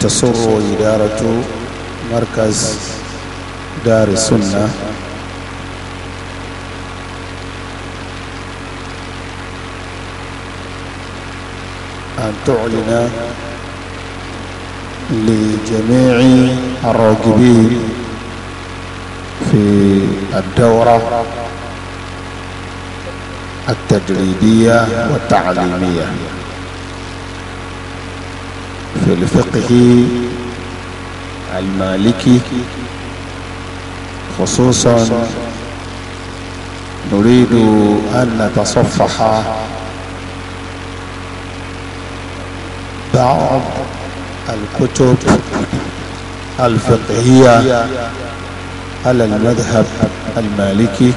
تسر إدارة مركز دار السنة أن تعلن لجميع الراغبين في الدورة التدريبية والتعليمية في الفقه المالكي خصوصا نريد أن نتصفح بعض الكتب الفقهية على المذهب المالكي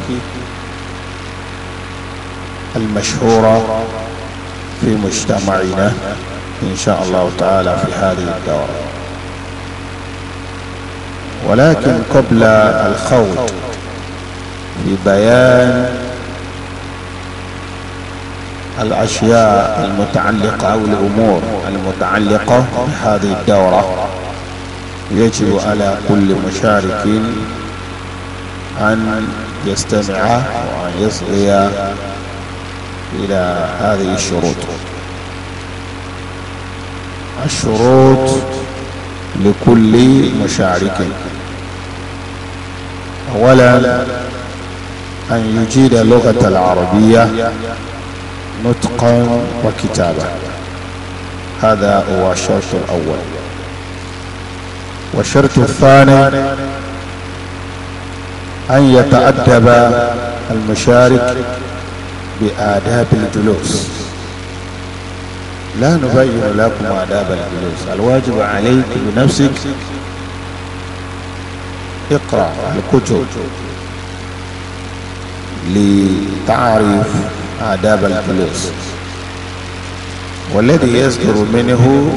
المشهورة في مجتمعنا إن شاء الله تعالى في هذه الدورة ولكن قبل الخوض في بيان الأشياء المتعلقة أو الأمور المتعلقة بهذه الدورة يجب على كل مشارك أن يستمع وأن يصغي إلى هذه الشروط الشروط لكل مشارك أولا أن يجيد لغة العربية نطقا وكتابة هذا هو الشرط الأول والشرط الثاني أن يتأدب المشارك بآداب الجلوس لا نبين لكم آداب الجلوس الواجب عليك بنفسك اقرأ الكتب لتعرف آداب الجلوس والذي يصدر منه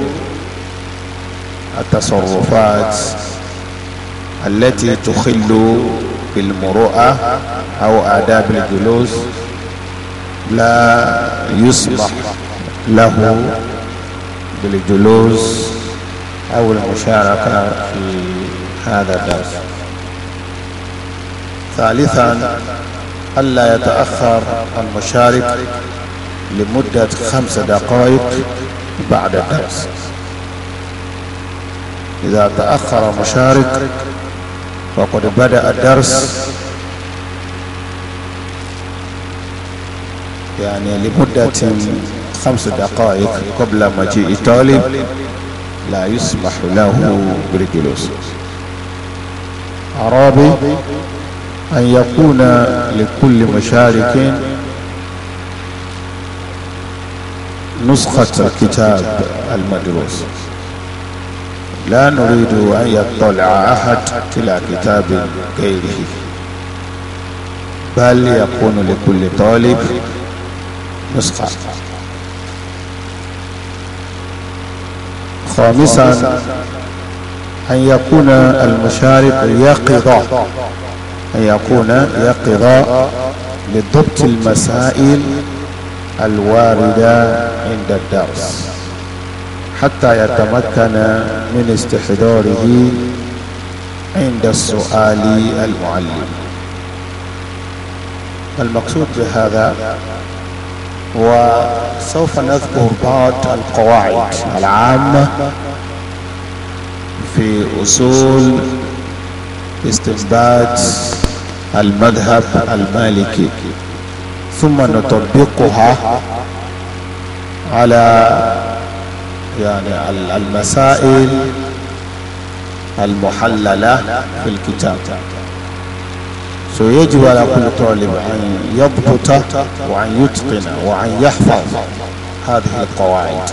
التصرفات التي تخل بالمروءة أو آداب الجلوس لا يصبح له بالجلوس أو المشاركة في هذا الدرس ثالثا ألا يتأخر المشارك لمدة خمس دقائق بعد الدرس إذا تأخر المشارك وقد بدأ الدرس يعني لمدة خمس دقائق قبل مجيء طالب لا يسمح له بالجلوس رابع أن يكون لكل مشارك نسخة الكتاب المدروس لا نريد أن يطلع أحد إلى كتاب غيره بل يكون لكل طالب نسخة خامسا أن يكون المشارك يقظا أن يكون يقظا لضبط المسائل الواردة عند الدرس حتى يتمكن من استحضاره عند السؤال المعلم المقصود بهذا وسوف نذكر بعض القواعد العامة في أصول استنباط المذهب المالكي ثم نطبقها على يعني المسائل المحللة في الكتاب فيجب على كل طالب أن يضبط وأن يتقن وأن يحفظ هذه القواعد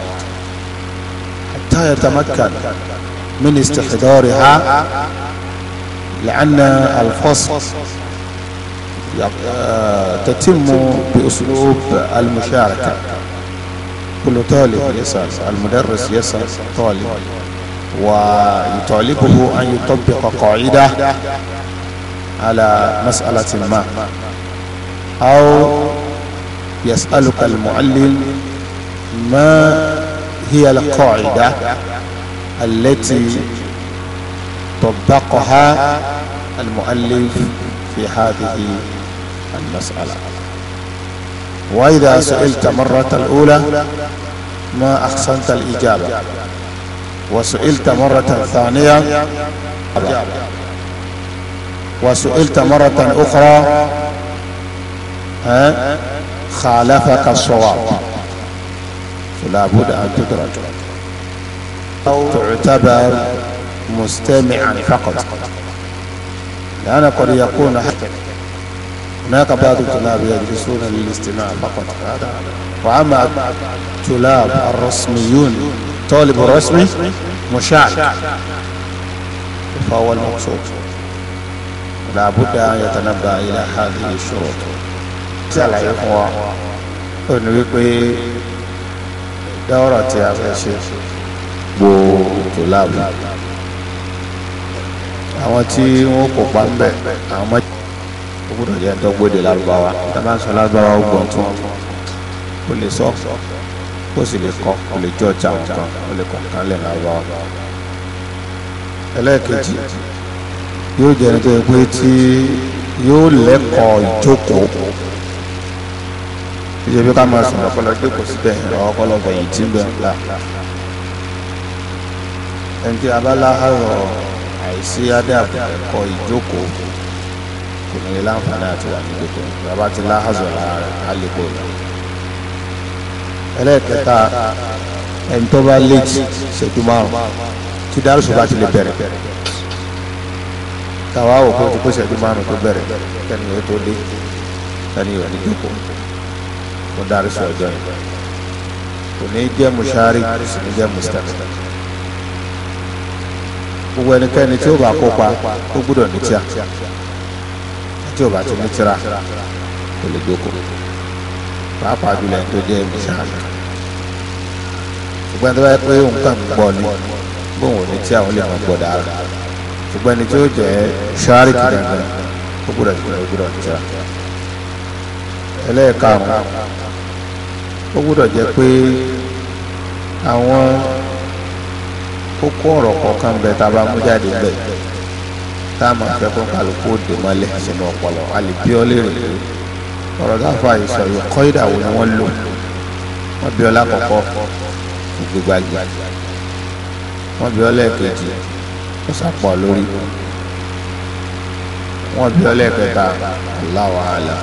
حتى يتمكن من استحضارها لأن الفصل آه، تتم بأسلوب المشاركة كل طالب يسأل المدرس يسأل الطالب ويطالبه أن يطبق قاعدة على مسألة ما أو يسألك المعلم ما هي القاعدة التي طبقها المؤلف في هذه المسألة وإذا سئلت مرة الأولى ما أحسنت الإجابة وسئلت مرة ثانية أجابة وسئلت مرة أخرى ها خالفك الصواب فلا بد أن تدرج أو تعتبر مستمعا فقط لأن قد يكون هناك بعض الطلاب يجلسون للاستماع فقط وأما الطلاب الرسميون طالب الرسمي مشاعر فهو المقصود làbúdà yàtànàbà ilà hàdì ìṣòro tí àlàyé fún wa ó ní wípé dáwọ́rọ̀ tí a fẹ́ ṣe gbòòrò tó láàbù àwọn tí wọn kópa ń bẹ àwọn mọ ó gbọ́dọ̀ jẹ dọgbọdẹ lárúbáwá dábàá sọ lárúbáwá ó gbọ́n tún ó lè sọ ó sì lè kọ ó lè jọ ọjà nǹkan ó lè kọ nǹkan lẹ lárúbáwá yóò jẹ́ nítorí pé tí yóò lẹ́kọ̀ọ́ ìjókòó ìjẹ́ bí ká máa sọ̀rọ̀ ọpọlọ pé kò síbẹ̀ ọpọlọ bẹ̀yìn tí ń bẹ̀ ń la ẹni tí abala ọ̀rọ̀ àìsí adáàbò ẹ̀kọ́ ìjókòó kò ní lè láǹfààní àti wà ní gbogbo bàbá ti láhàzọ̀ lára àlèkò rẹ̀ ẹlẹ́ẹ̀kẹta ẹni tó bá léèjì ṣètò márùn-ún tí dárúṣọ bá ti lè bẹ̀rẹ̀ bẹ̀rẹ̀ tàwa wò kó o ti kó ìṣẹ́jú márùn tó bẹ̀rẹ̀ kẹ́ni o tó dé kẹ́ni o ní jókòó mo darí sọ ọjọ́ yìí ni ní jẹ́ mùsárì kò sì ní jẹ́ mùsítàkì gbogbo ẹnikẹ́ni tí ó bá kópa ó gbúdọ̀ ní tíà tí ó bá ti ní tíra kò lè jókòó pàápàá jùlọ ẹni tó jẹ́ mùsárì gbogbo ẹni tó bá yẹ pé ni bóun ò ní tíà òun lè ṣùgbọ́n ẹni tí ó jẹ́ ṣáàrì kìí dandan ó gbúdọ̀ jù ó gbúdọ̀ jà ẹlẹ́ẹ̀karùn ó gbúdọ̀ jẹ́ pé àwọn kókó ọ̀rọ̀ kọ̀ọ̀kan bẹ tá a bá mú jáde bẹ tá a máa fẹ́ kó kálukú dè mọ́lẹ̀ sínú ọpọlọ àlèbíọ́ lérè ọ̀rọ̀ dáfà ìsọ̀ ìkọ́ ìdàwó ni wọ́n lò wọ́n bí ọlá kọ̀kọ́ ìgbégbági wọ́n bí ọlá ẹ̀kejì ó sàpọ̀ lórí wọ́n bí ọ lẹ́ẹ̀kẹta Allahu àlà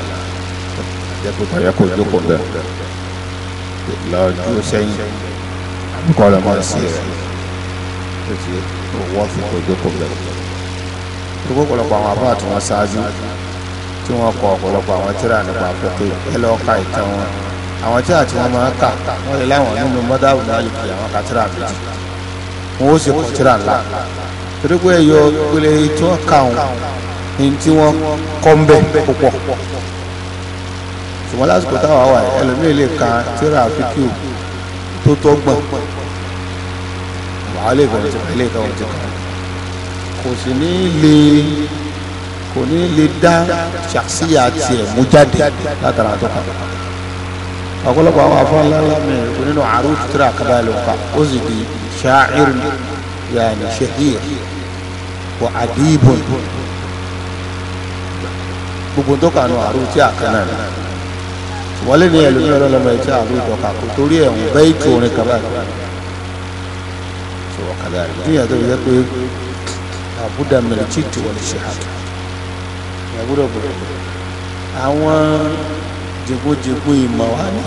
jẹ́ pé tọ̀yẹ́ kò jókòó bẹ́ẹ̀ lọ́jọ́ sẹ́yìn kọ́ lọ́ mọ́ sí rẹ̀ tó ti wọ́n fi kò jókòó bẹ́ẹ̀ tó kó ọ̀pọ̀lọpọ̀ àwọn àbá tí wọ́n ṣáájú tí wọ́n kọ ọ̀pọ̀lọpọ̀ àwọn tíra nípa pẹ̀pẹ́ ẹ lọ́ọ́ ka ìtàn wọn àwọn tíra tí wọ́n máa ń kà wọ́n lè láwọn nínú mọ́dáwù náà yìí àwọn kà tíra méjì wọ́n ó sì kọ tíra ńlá torí pé ẹ̀yọ ìpele tí wọ́n kà ọ́n ní tí wọ́n kọ́ ń bẹ̀ púpọ̀ ṣùgbọ́n lásìkò táwa wà ẹlòmíì lè ka tíra àfikù tó tọ́gbọ̀n wàá lè bẹ̀rẹ̀ tí wàá lè ka ọ̀jẹ̀ kan kò sì ní lè kò ní lè dá ṣàṣìyà tiẹ̀ mú jáde látara tó kàn ọ̀pọ̀lọpọ̀ àwọn afọ́nlá mi nínú àrùn tíra àkàbà lè ó sì di ṣááírì yàní ṣèhíyà wà àdìbòn gbogbo tó kà nù àrùn tí a kàn náà wọlé ní ẹlòmíràn ọlọlọmọ ẹ tí àrùn ìdọkà kò torí ẹwọn bẹ́ẹ̀ tó orin kaba sọ̀rọ̀ kaba rẹ bí yàtọ̀ yẹ pé àbúdà mẹ́rin tí tí wọlé ṣe hàtà àbúdà bọlọ àwọn jẹgbójẹgbó ìmọ̀ wa ni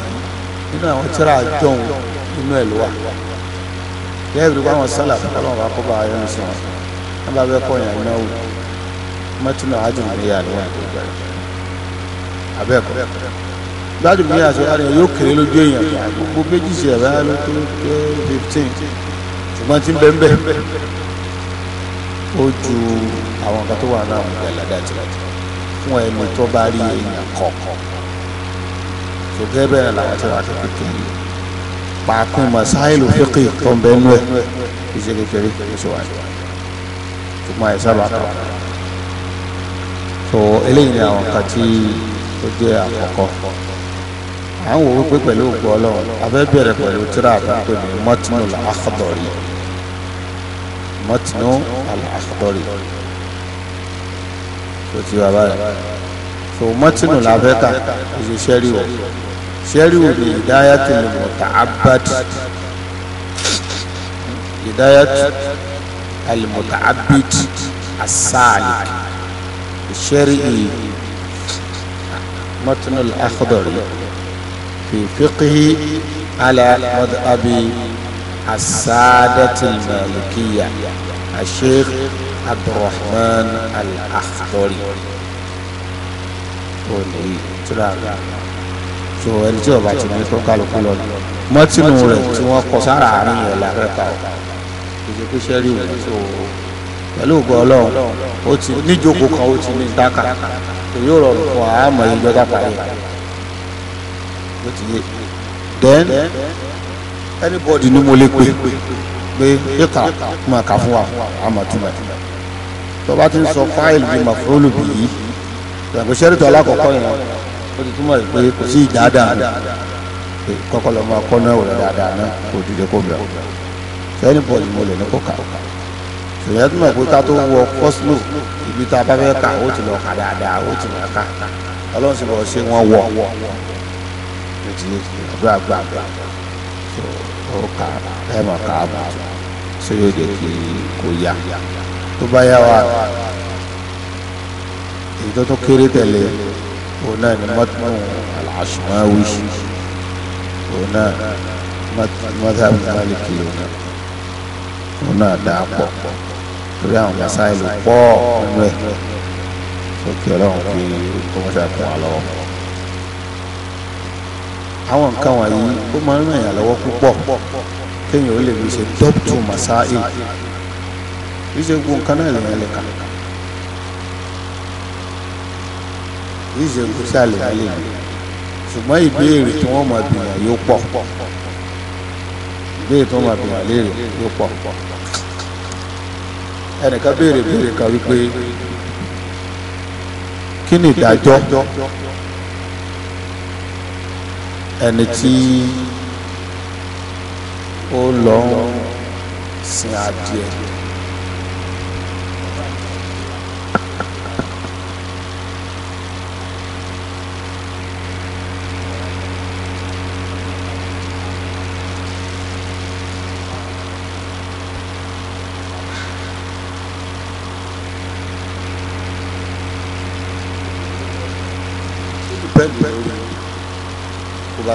nínú àwọn tíra àjọhún nínú ẹlòmíràn yẹ ẹbí wọn sálà fún Ọlọ́run àkọ́bà ayélujára wọn bá bẹ kọ yàn náwó mọtúnú àádùn níyà ni wọn kò bẹ̀rẹ̀ abẹ́ẹ̀kọ́ gbádùn níyà sọ ara yóò kéré lójú èèyàn gbogbo méjì sí ẹ̀rọ ló tó tó fifteen ṣùgbọ́n tí ń bẹ́ ń o ó ju àwọn kan tó wà náà wọn gbẹ̀lá dájú fún ẹni tó bá rí èèyàn kọ̀ọ̀kan ṣùgbọ́n bẹ́ẹ̀ làwọn tí wọ́n ti fi kéde pàápín masáìlú fíkì tó ń bẹ́ẹ̀ nú ẹ̀ ìṣe kékeré ìṣòwò àjọyọ̀ ṣùgbọ́n àìsàn bá so eléyìí ni àwọn kan tí ó jẹ́ àkọ́kọ́ à ń wò wípé pẹ̀lú ògbó ọlọ́run abẹ́ bẹ̀rẹ̀ pẹ̀lú tíra àbẹ́pẹ́ ní mọ́tínú al-Akhdari mọ́tínú al-Akhdari tó ti wà báyìí so mọ́tínú làbẹ́ka oṣù sẹ́ríwò sẹ́ríwò ní Hidayatul Muta'abbad Hidayatul. المتعبد السالك الشرعي متن الأخضري في فقه على مذهب السادة المالكية الشيخ عبد الرحمن الأخضري so ẹni tí ọba ti ní kó kálukú lọ mọtínú rẹ tí wọn kọ sára àárín yẹn làárẹ pa ọ ṣe pé sẹ́rí òun tó pẹ̀lú ògbọ́ ọlọ́run ó ti níjókòó kan ó ti ní dáka èyí ò rọrùn fún àmọ́ ìjọ dáka rẹ̀ ó ti yé then anybody ni mo lè pè pé kíkà máa kà fún wa àmọ́ túmọ̀ tó bá ti ń sọ fáìlì bíi màfúrólù bìyí ìyàgò sẹ́rìtò alákọ̀ọ́kọ́ yẹn ó ti túmọ̀ pé kò sí ìdáadáa kọ́kọ́ lọ́mọ akọ́nà òun dáadáa náà kò dìde kó bẹ̀rẹ̀ fẹ́ni bọ̀lì mo lè ní kó kà ṣùgbọ́n tó mọ̀ pé ká tó wọ kọ́sùlù ibi tá a bá fẹ́ kà ó ti lọ kà dáadáa ó ti mọ̀ ká ọlọ́run sì bọ̀ ṣé wọ́n wọ̀ ètí àdúrà gbà gbà ó kà ẹ mọ̀ ká mọ̀ ṣé yóò jẹ́ kí kò yá tó bá yá wa èyí tó tún kéré tẹ̀lé òun náà ni mọ́tò àlàṣùmáwí òun náà mọ́tò àbúrò máa lè kiri òun náà òun náà dà á pọ̀ lórí àwọn masáìlì pọ̀ nínú ẹ̀ sókè ọlọ́run kí kọ́mọ́sá kún wa lọ́wọ́. àwọn nǹkan wọ̀nyí ó máa ń ràn yàn lọ́wọ́ púpọ̀ kéèyàn ó lè fi ṣe dọ́pùtù masáìlì kì í ṣe gbogbo nǹkan náà lèèyàn lè kì í ṣe gbogbo sáà lèèyàn lè ṣùgbọ́n ìbéèrè tí wọ́n máa bìyàn yóò pọ̀ ìbéèrè tó máa bìyàn léèrè ló pọ̀ ẹnìkan béèrè béèrè kan wípé kí ni ìdájọ́ ẹni tí ó lọ sin adìẹ.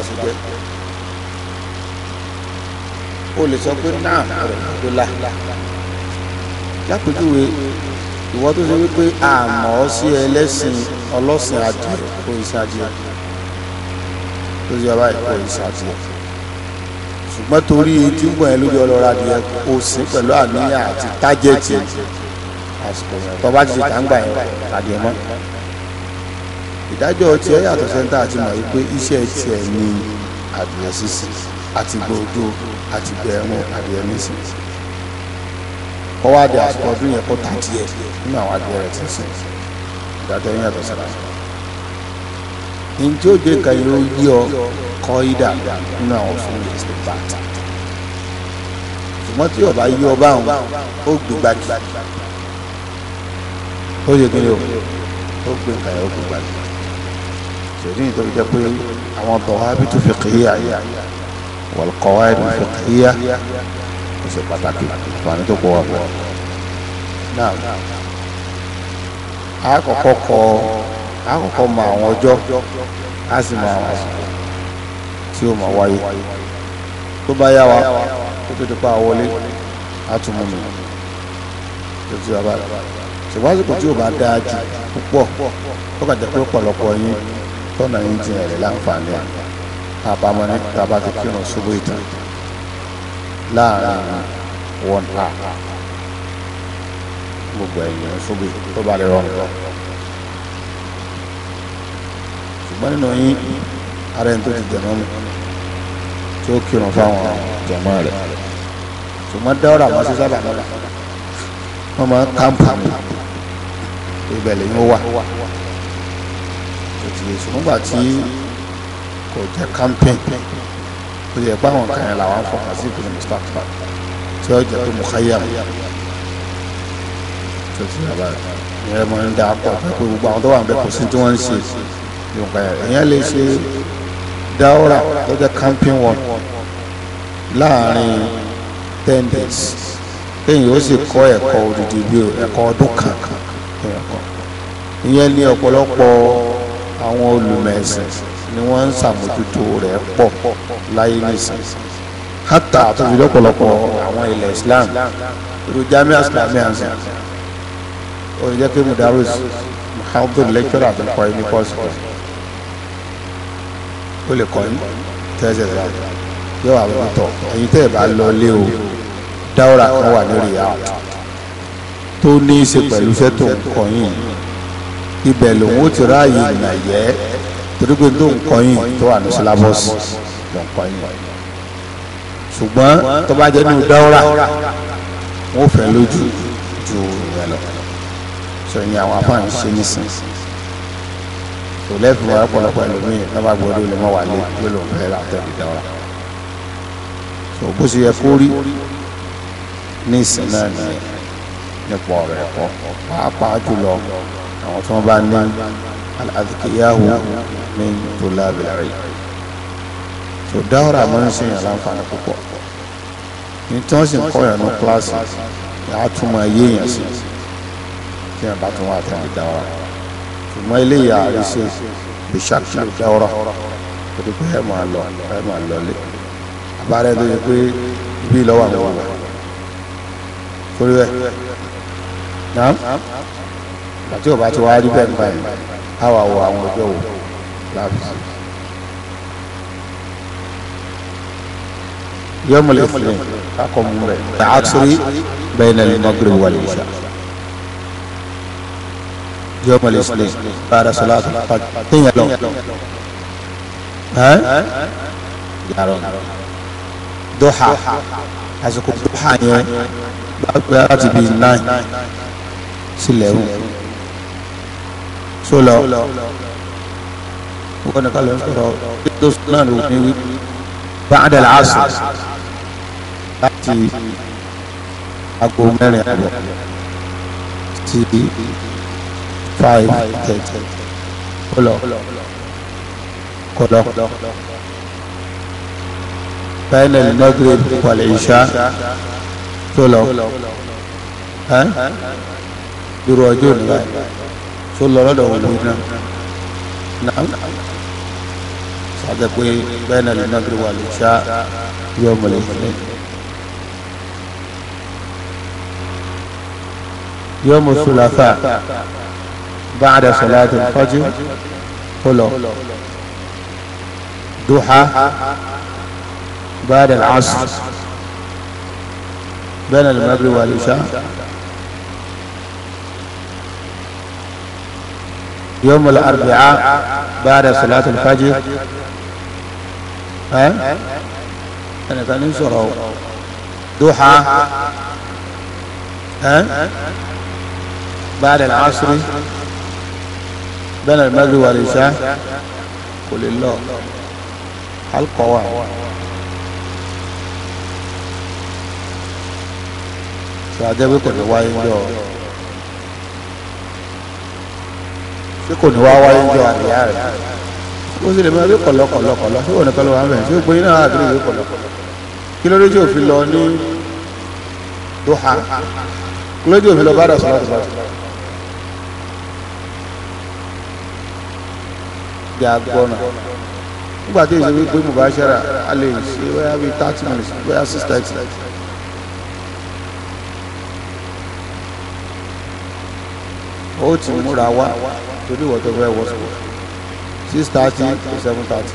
ṣe jẹ́ o lè sọ pé náà ọ̀rọ̀ tó la lápèjúwe ìwọ tó ṣe wípé àmọ́ sí ẹlẹ́sìn ọlọ́sìn adìẹ kò ìsìn adìẹ tó ṣe ọba ìkọ ìsìn adìẹ ṣùgbọ́n torí tí ń bọ̀ yẹn ọlọ́ra adìẹ kò sí pẹ̀lú àníyàn àti tájẹ̀tì àsìkò tó ti ṣe tàǹgbà yẹn adìẹ mọ́ ìdájọ́ tiẹ̀ yàtọ̀ sẹ́ńtà àti mọ̀ wípé iṣẹ́ tiẹ̀ ni àdìyẹ sísì àti gbòdo àti gbẹ̀rún àdìyẹ nísì kọ́wá di àsìkò ọdún yẹn kó tà tiẹ̀ nínú àwọn àdìyẹ rẹ̀ ti sìn ìdájọ́ yẹn yàtọ̀ sẹ́ńtà ntí ó gbé kan yóò yí ọ kọ́ ìdá nínú àwọn òfin yẹn ti bá ta ṣùgbọ́n tí ọba yí ọ báwọn ó gbégbági ó yẹ kí ni o ó gbé kan yẹn ó gbégbági torí ìtọ́jú jẹ́ pé àwọn dawabitu fiqhiyya wal qawaid fiqhiyya ó ṣe pàtàkì àǹfààní tó kọ́ wà bọ̀. náà àkọ́kọ́ kọ àkọ́kọ́ mọ àwọn ọjọ́ a sì mọ àwọn àsìkò tí ó mọ wáyé tó bá yá wa tó tó ti pa àwọlé á tún mú mi tó ti wà báyìí ṣùgbọ́n àsìkò tí ò bá dáa jù púpọ̀ ó kà jẹ́ pé ọ̀pọ̀lọpọ̀ yín tọ́nà yìí ti rìn láǹfààní ẹ̀ àbámọ́ ní tábà ti kírun ṣubú ìtàn láàrin wọn a gbogbo ẹ̀yìn ṣubú tó bá lè rọrùn lọ. ṣùgbọ́n nínú yín ara ẹni tó ti jẹ̀mọ́ mi tí ó kírun fáwọn jẹ̀mọ́ rẹ̀ ṣùgbọ́n dáwọ́rà máa ṣe sábà mọ́ra wọ́n máa ń kámpù mi ibẹ̀ lè yín ó ṣùgbọ́n gbà tí kò jẹ́ campaign ó yẹ pé àwọn kan yẹn làwọn fọkàn sí ìpínlẹ̀ mustapha tí ó jẹ́ pé mo káyà mọ́ tó ti yà báyìí ìyẹn mo ń da pọ̀ pé gbogbo àwọn tó wà ń bẹ kò sí tí wọ́n ń ṣe yorùbá yẹn ìyẹn lè ṣe dáwọ́rà tó jẹ́ campaign one láàrin ten days lẹ́yìn ó sì kọ́ ẹ̀kọ́ odidi bíi ẹ̀kọ́ ọdún kan ìyẹn ní ọ̀pọ̀lọpọ̀ àwọn olùmẹ̀sìn ni wọ́n ń ṣàmójútó rẹ̀ pọ̀ láyé nìsín hátà àtúnfi lọ́pọ̀lọpọ̀ àwọn ilẹ̀ Islam irú jamiu islami ansa olùjẹ́ pé mudarus muhammed lecturer tó kọ́ ẹni kọ́ọ̀sì kan ó lè kọ́ ẹni tẹ́sẹ̀ sáà yóò àwọn ọmọ tọ̀ ẹ̀yin tẹ́ ẹ̀ bá lọ lé o dáwọ́ra kan wà lórí ya tó ní í ṣe pẹ̀lú fẹ́ tó ń kọ́ yìí ibẹ̀ lòun ó ti ráàyè ìnàyẹ́ torí pé tó ń kọyìn tó wà ní sílábọ̀sì ló ń kọyìn ṣùgbọ́n tó bá jẹ́ nínú dáwọ́rà wọ́n fẹ́ lójú ju ìyẹn lọ sọ ní àwọn afáàní ṣe nísìn kò lẹ́fìn wọn ọ̀pọ̀lọpọ̀ ẹlòmíì lọ́ba gbọ́dọ̀ lè mọ̀ wà lé lọ́lọ́ fẹ́ látẹ̀lé dáwọ́rà sọ bó ṣe yẹ kó rí nísìn náà nìyẹn nípa ọ̀rọ̀ ẹ̀kọ́ pàápàá jùlọ àwọn tí wọ́n bá ní al-azkiyahu min tulabil ilm so dáwọ́rà máa ń sèyàn láǹfààní púpọ̀ ní tí wọ́n sì ń kọ́ yàn ní kíláàsì yàá tún máa yé èèyàn sí kí yàn bá tún wà tẹ̀ ní dáwọ́rà ṣùgbọ́n eléyìí àríṣe bishakshi dáwọ́rà kò tó pé ẹ̀ máa lọ ẹ̀ máa lọlé àbárẹ́ tó pé ibi ìlọ́wọ́ àwọn wà lórí ẹ̀ náà àti ọba tí wàá rí bẹ́ẹ̀ nípa yìí á wà wọ àwọn ọjọ́ wò láàbù sí. yọmọ lè fi yẹn kakọ mu rẹ tààtúrí bẹ́ẹ̀ náà lè mọ́gìrì wà lè ṣá. yọmọ lè fi yẹn bára sọlá àtúntà téèyàn lọ. yàrá dọ́hà àsìkò dọ́hà yẹn bá gbé láti bíi náà sílẹ̀ rùn sólọ wọ́n ní kálọ̀ ń sọ̀rọ̀ tó náà ló ní wí báńdà làásù láti aago mẹ́rin àbọ̀ sí five thirty kọlọ kọlọ bẹ́ẹ̀ni magrib wàlẹ̀ ìṣá sólọ ẹ́ dúró ọjọ́ ìlú سلالة نعم سادقوي بين النجر يوم الاثنين يوم الثلاثاء بعد صلاة الفجر هلو دوحة بعد العصر بين المغرب والإشاء يوم الأربعاء بعد صلاة الفجر ها أنا ثاني يسره دوحة ها بعد العصر بين المغرب والعشاء قل الله حلقة واحدة سعدي بيقول رواية ṣé kò ní wá wáyé ń jọ àríyá rẹ̀ ó sì lè mọ ẹgbẹ́ kọ̀lọ̀kọ̀lọ̀kọ̀lọ̀ ṣé òun kọ́lọ́ wà ń bẹ̀ ṣé òpin náà àgbèrè ìwé kọ̀lọ̀kọ̀lọ̀ kí ló dé tí òfin lọ ní Doha kí ló dé òfin lọ bá dà sọ́lá sọ́lá jagbọ́nà nígbà tí èsì wípé mo bá ṣẹ́ra a lè ṣe bóyá bíi thirty minutes bóyá six thirty. ó ti múra wá To do whatever fẹ́ wọ sùn six thirty to seven thirty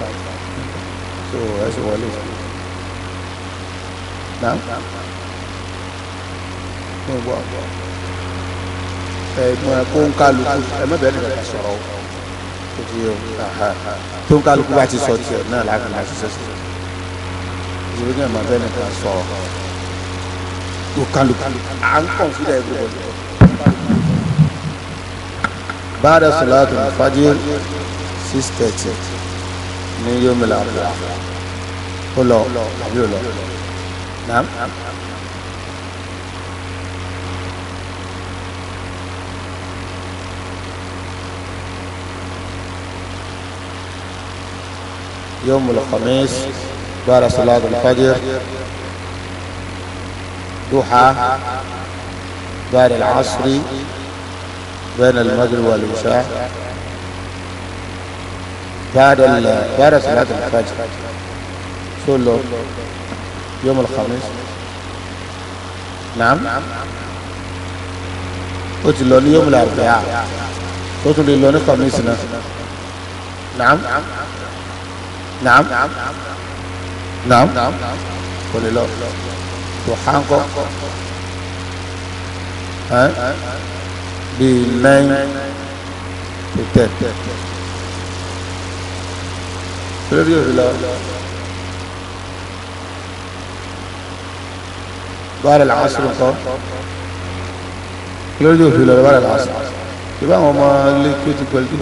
so ẹ sì wọlé náà ní ìwọ ẹ̀gbọ́n ẹ kó ń kálukú ẹ má bẹ̀rẹ̀ nípa sọ̀rọ̀ o ti yọ tó ń kálukú bá ti sọ tiẹ̀ náà láti máa ṣiṣẹ́ ìṣòro náà má bẹ̀rẹ̀ nípa sọ̀rọ̀ tó à ń kàn fún ẹ بعد صلاة الفجر 6:30 من يوم الأربعاء يوم الخميس بعد صلاة الفجر دوحة بعد العصر بين المغرب والعشاء بعد بعد صلاة الفجر صلى يوم الخميس نعم اتلو يوم الأربعاء اتلو لون خميسنا نعم نعم نعم نعم قل له سبحانك ها bíi nine to ten lórí òrùlọ bára làwọn sọ̀rọ̀ kọ́ lórí òrùlọ bára làwọn sọ̀rọ̀ ìbá àwọn ọmọ ilé kí ó ti pẹ̀lú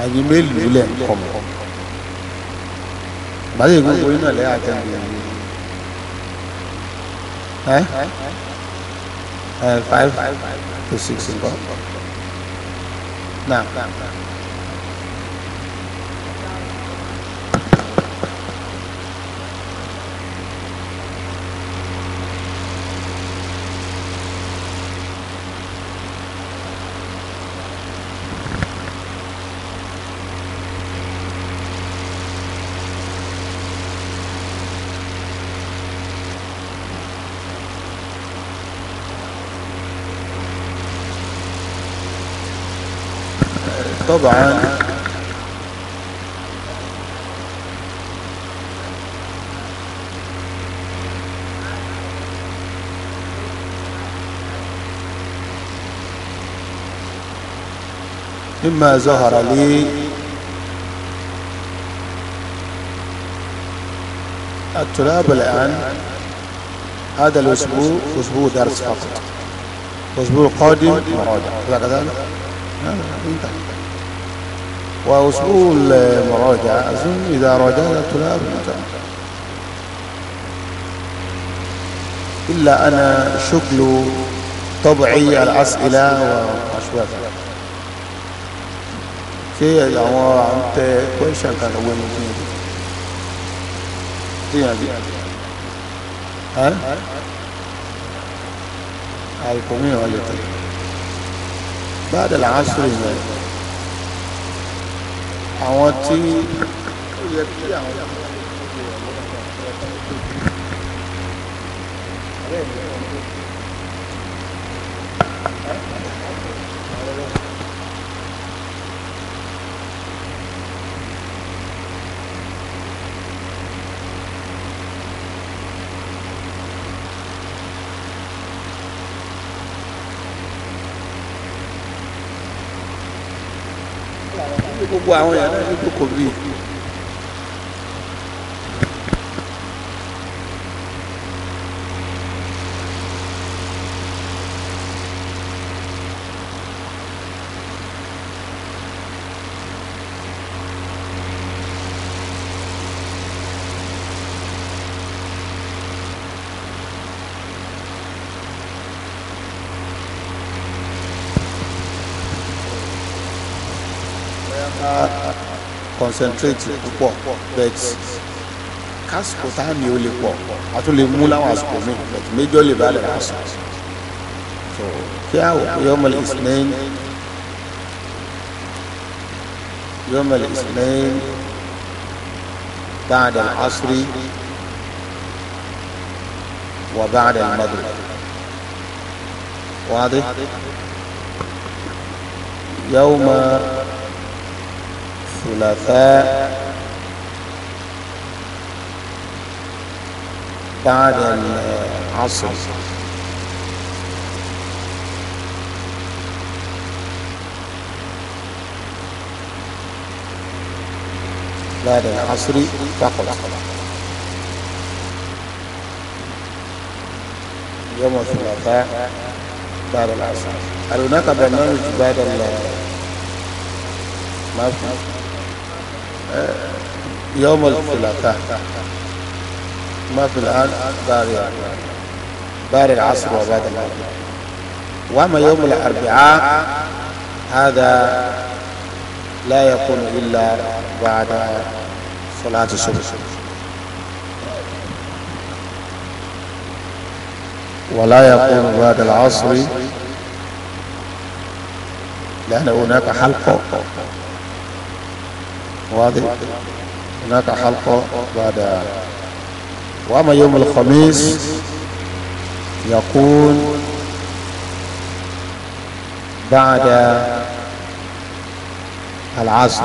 àyè mélòó lẹ̀ ń báyìí gbogbo iná lẹ́yà tẹ̀lé Eh? eh Uh, five five five to six is what? Now. طبعا مما ظهر لي الطلاب الآن هذا الأسبوع أسبوع درس فقط الأسبوع القادم مراجع هذا كذلك آه، انتهى وأسبوع المراجعة أظن إذا راجعنا الطلاب إلا أنا شكل طبعي الأسئلة كي يا جماعة أنت كل شيء كان أول مدينة يعني ها؟ هاي ولا بعد العصر يعني àwọn tí ó yẹ kí àwọn ọ̀rẹ́ mi gbogbo àwọn yàrá ní kòkò bíi. concentrate púpọ̀ but kásìkò tá a ní o lè pọ̀ a tún lè mú láwọn àsìkò mi but méjọ́ lè balẹ̀ lásán so kí a wò pé yọmọlẹ ìsìnẹ́yìn yọmọlẹ ìsìnẹ́yìn بعد العصر وبعد المغرب واضح يوم الثلاثاء بعد العصر بعد العصر تقل يوم الثلاثاء بعد العصر هل هناك برنامج بعد في آه، يوم الثلاثاء ما في الآن بار دار العصر وبعد المغرب وأما يوم الأربعاء هذا لا يكون إلا بعد صلاة الصبح ولا يكون بعد العصر لأن هناك حلقة واضح هناك حلقة بعد وأما يوم الخميس يكون بعد العصر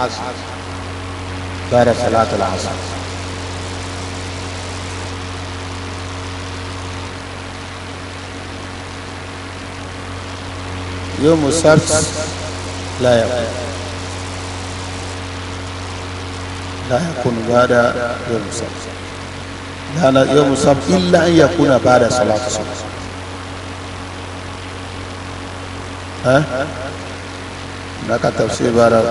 بعد صلاة العصر يوم السبت لا يكون لا يكون بعد يوم السبت لا لا يوم السبت إلا أن يكون بعد صلاة الصبح ها هناك تفسير بعد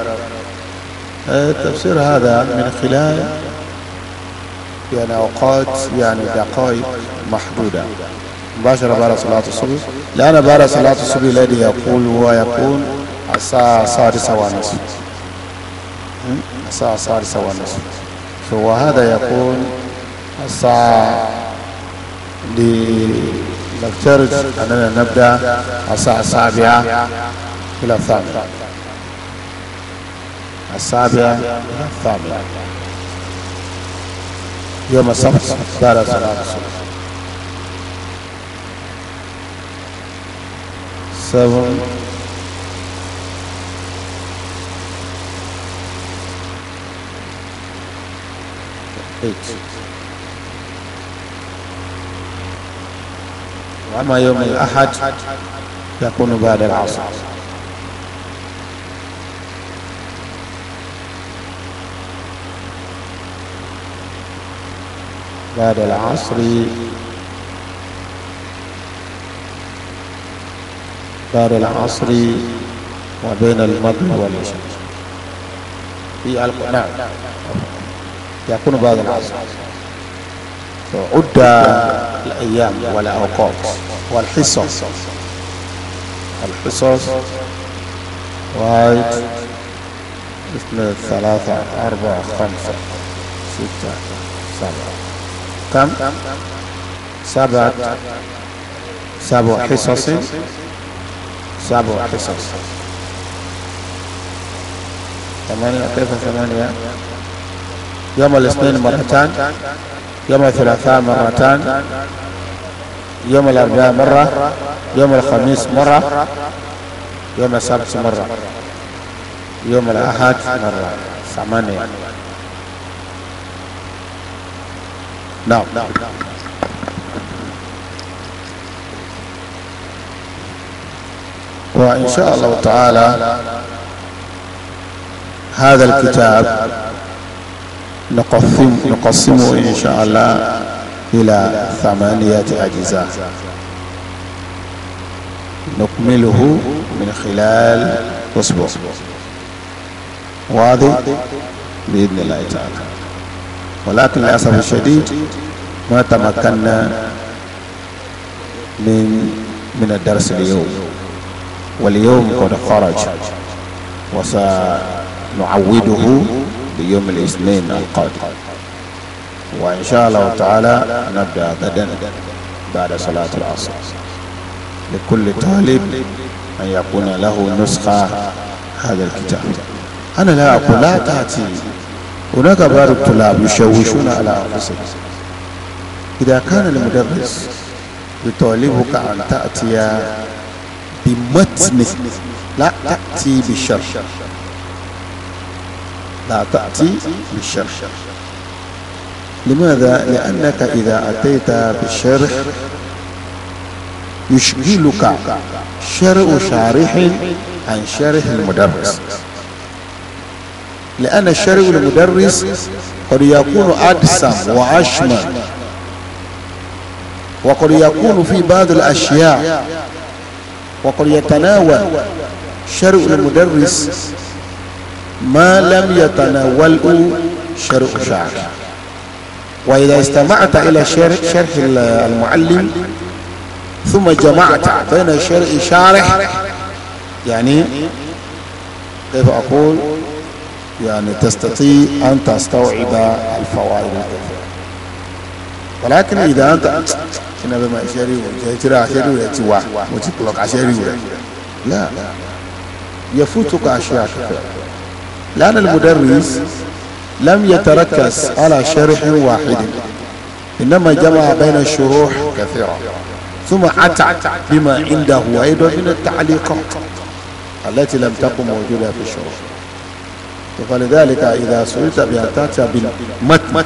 التفسير هذا من خلال يعني أوقات يعني دقائق محدودة مباشرة بعد صلاة الصبح لأن بعد صلاة الصبح الذي يقول هو يكون الساعة السادسة ونصف الساعة السادسة والنصف هذا يقول الساعة نفترض أننا نبدأ الساعة السابعة إلى الثامنة السابعة إلى الثامنة يوم السبت بعد صلاة الصبح seven eight وأما يوم الأحد يكون بعد العصر بعد العصر بعد العصر وبين المغرب والعشاء في القناع يكون بعد العصر عدة الأيام والأوقات والحصص الحصص واحد اثنين ثلاثة أربعة خمسة ستة سبعة كم؟ سبعة سبع حصص سبع حصص ثمانية كيف ثمانية؟ يوم الاثنين مرتان يوم الثلاثاء مرتان يوم الأربعاء مرة يوم الخميس مرة يوم السبت مرة يوم الأحد مرة ثمانية نعم وإن شاء الله تعالى هذا الكتاب نقسم نقسمه إن شاء الله إلى ثمانية أجزاء نكمله من خلال أسبوع واضح بإذن الله تعالى ولكن للأسف الشديد ما تمكنا من من الدرس اليوم واليوم قد خرج وسنعوده بيوم الاثنين القادم وإن شاء الله تعالى نبدأ غدا بعد صلاة العصر لكل طالب أن يكون له نسخة هذا الكتاب أنا لا أقول لا تأتي هناك بعض الطلاب يشوشون على أنفسهم إذا كان المدرس يطالبك أن تأتي بمتن لا تأتي بشر لا تأتي بالشرح لماذا؟ لأنك إذا أتيت بالشرح يشغلك شرع شارح عن شرح المدرس لأن شرع المدرس قد يكون أدسم وأشمل وقد يكون في بعض الأشياء وقد يتناول شرع المدرس ما لم يتناوله شرع شعر وإذا استمعت إلى شرح, شرح المعلم ثم جمعت بين شرع شارح يعني كيف أقول يعني تستطيع أن تستوعب الفوائد ولكن إذا أنت كنا بما أشاري وتطلق لا يفوتك أشياء كثيرة لأن المدرس لم يتركز على شرح واحد إنما جمع بين الشروح كثيرة ثم أتى بما عنده أيضا من التعليقات التي لم تكن موجودة في الشروح فلذلك إذا سئلت بأن تأتي بالمتن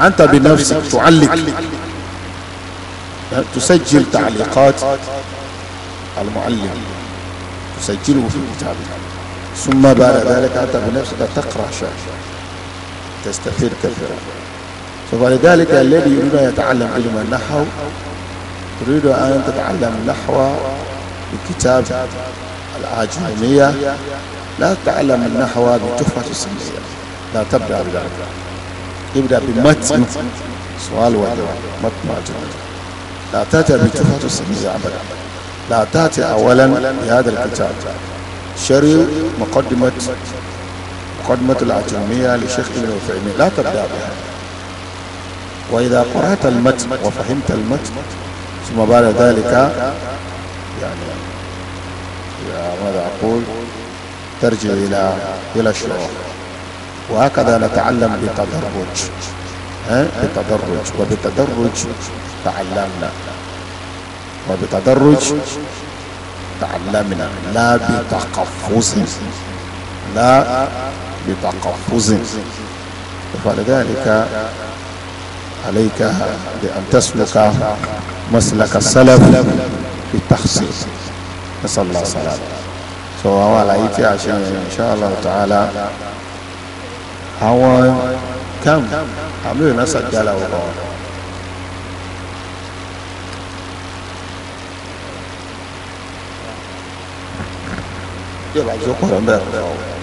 أنت بنفسك تعلق تسجل تعليقات المعلم تسجله في كتابك ثم بعد ذلك أنت بنفسك تقرأ شيء تستفيد كثيرا فلذلك الذي يريد أن يتعلم علم النحو تريد أن تتعلم النحو بكتاب العجمية لا تتعلم النحو بتحفة السمية لا تبدأ بذلك ابدأ بمتن سؤال وجواب متن وجواب لا تأتي بتحفة السمية أبدا لا تأتي أولا بهذا الكتاب شري مقدمة مقدمة العجمية لشيخ ابن عثيمين لا تبدأ بها وإذا قرأت المتن وفهمت المتن ثم بعد ذلك يعني ماذا أقول ترجع إلى إلى الشعور وهكذا نتعلم بتدرج بتدرج وبتدرج تعلمنا وبتدرج تعلمنا لا بتقفز لا بتقفز فلذلك عليك بأن تسلك مسلك السلف في التخصيص نسأل الله السلامة سواء عليك عشان إن شاء الله تعالى هو كم عملوا ناس وقال 对吧？对不的。